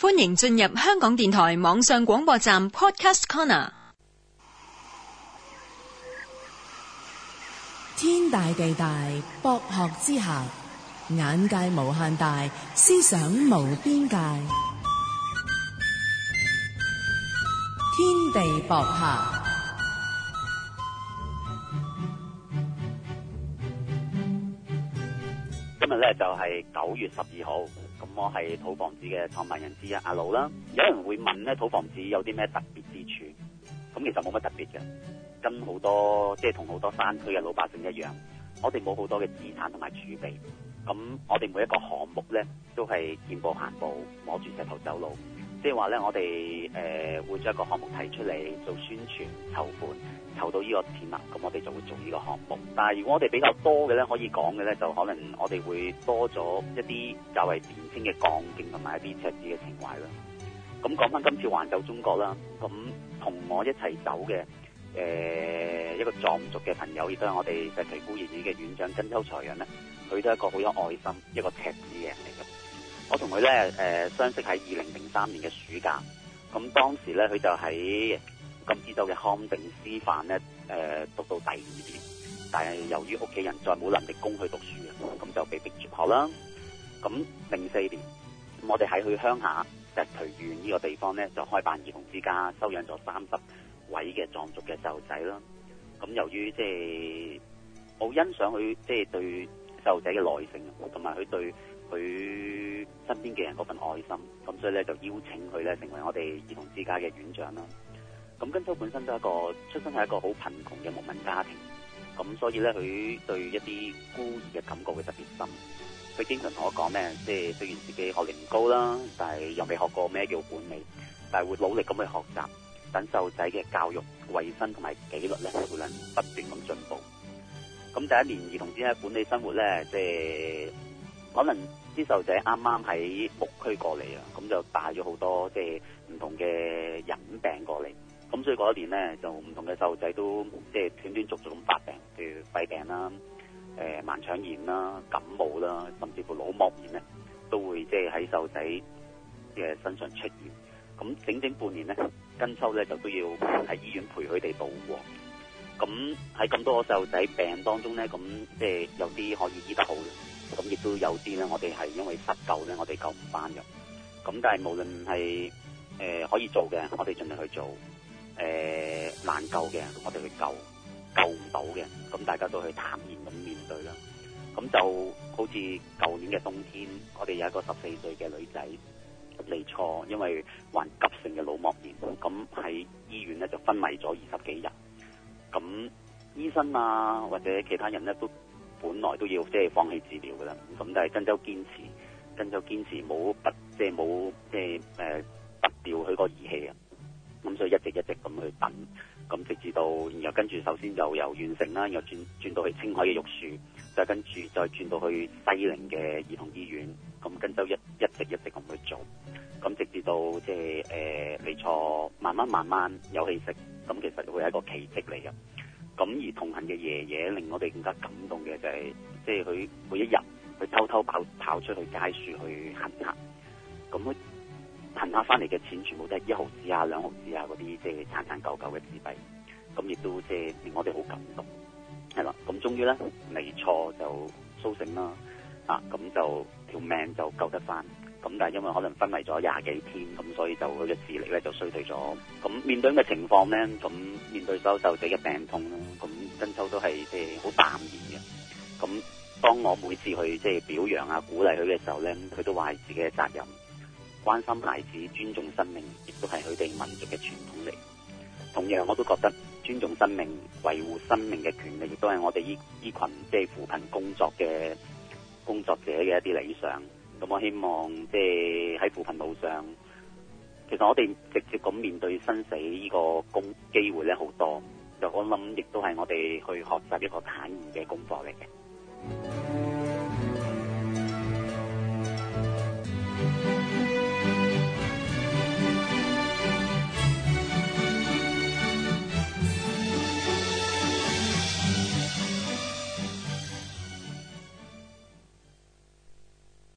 歡迎進入香港電台網上廣播站 Podcast Corner。天大地大，博客之下，眼界無限大，思想無邊界。天地博客。咧就係、是、九月十二號，咁我係土房子嘅創辦人之一阿佬啦。有人會問咧，土房子有啲咩特別之處？咁其實冇乜特別嘅，跟好多即係同好多山區嘅老百姓一樣，我哋冇好多嘅資產同埋儲備，咁我哋每一個項目咧都係見步行步，摸住石頭走路。即係話咧，我哋誒、呃、會將一個項目提出嚟做宣傳，籌款，籌到呢個錢啦，咁我哋就會做呢個項目。但係如果我哋比較多嘅咧，可以講嘅咧，就可能我哋會多咗一啲較為典型嘅剛勁，同、就、埋、是、一啲赤子嘅情懷啦。咁講翻今次環走中國啦，咁、嗯、同我一齊走嘅誒、呃、一個藏族嘅朋友，亦都係我哋石渠孤兒院嘅院長根秋才仁呢。咧，佢都係一個好有愛心、一個赤子嘅人嚟嘅。我同佢咧，誒、呃、相識喺二零零三年嘅暑假。咁、嗯、當時咧，佢就喺甘孜州嘅康定師範咧，誒、呃、讀到第二年。但係由於屋企人再冇能力供佢讀書啊，咁、嗯嗯、就被逼接學啦。咁零四年，嗯、我哋喺佢鄉下石渠縣呢個地方咧，就開辦兒童之家，收養咗三十位嘅藏族嘅細路仔啦。咁、嗯、由於即、就、係、是、我欣賞佢，即係對細路仔嘅耐性，同埋佢對。佢身邊嘅人嗰份愛心，咁所以咧就邀請佢咧成為我哋兒童之家嘅院長啦。咁跟周本身都係一個出身係一個好貧窮嘅牧民家庭，咁所以咧佢對一啲孤兒嘅感覺會特別深。佢經常同我講咧，即係雖然自己學歷唔高啦，但係又未學過咩叫管理，但係會努力咁去學習，等細路仔嘅教育、衛生同埋紀律咧，就會不斷咁進步。咁第一年兒童之家嘅管理生活咧，即係。可能啲細路仔啱啱喺牧區過嚟啊，咁就帶咗好多即係唔同嘅隱病過嚟，咁所以嗰一年咧，就唔同嘅細路仔都即係斷斷續續咁發病，譬如肺病啦、啊、誒、呃、盲腸炎啦、啊、感冒啦、啊，甚至乎腦膜炎咧，都會即係喺細路仔嘅身上出現。咁整整半年咧，跟秋咧就都要喺醫院陪佢哋度過。咁喺咁多細路仔病當中咧，咁即係有啲可以醫得好嘅，咁亦都有啲咧。我哋係因為失救咧，我哋救唔翻嘅。咁但係無論係誒、呃、可以做嘅，我哋盡力去做；誒、呃、難救嘅，我哋去救；救唔到嘅，咁大家都去坦然咁面對啦。咁就好似舊年嘅冬天，我哋有一個十四歲嘅女仔嚟錯，因為患急性嘅腦膜炎，咁喺醫院咧就昏迷咗二十幾日。醫生啊，或者其他人咧，都本來都要即係、就是、放棄治療噶啦。咁但係，根周堅持，根周堅持冇拔，即係冇即係誒拔掉佢個儀器啊。咁所以一直一直咁去等，咁直至到然後跟住首先又由縣城啦，又轉轉到去青海嘅玉樹，再跟住再轉到去西寧嘅兒童醫院。咁根周一一直一直咁去做，咁直至到即係誒未錯，慢慢慢慢有氣息，咁其實會係一個奇蹟嚟嘅。咁而同行嘅爺爺令我哋更加感動嘅就係、是、即係佢每一日佢偷偷跑跑出去街樹去行下，咁佢行下翻嚟嘅錢全部都係一毫子啊、兩毫子啊嗰啲即係殘殘舊舊嘅紙幣，咁亦都即係令我哋好感動，係啦。咁終於咧，未錯就蘇醒啦，啊，咁就條命就救得翻。咁但係因為可能昏迷咗廿幾天，咁所以就佢嘅智力咧就衰退咗。咁面對咁嘅情況咧，咁面對收受者嘅病痛咧，咁曾秋都係誒好淡然嘅。咁當我每次去即係表揚啊鼓勵佢嘅時候咧，佢都話係自己嘅責任，關心孩子、尊重生命，亦都係佢哋民族嘅傳統嚟。同樣我都覺得尊重生命、維護生命嘅權利，亦都係我哋呢呢群即係扶貧工作嘅工作者嘅一啲理想。咁我希望即係喺扶貧路上，其實我哋直接咁面對生死呢個工機會咧好多，就我諗亦都係我哋去學習一個坦然嘅功課嚟嘅。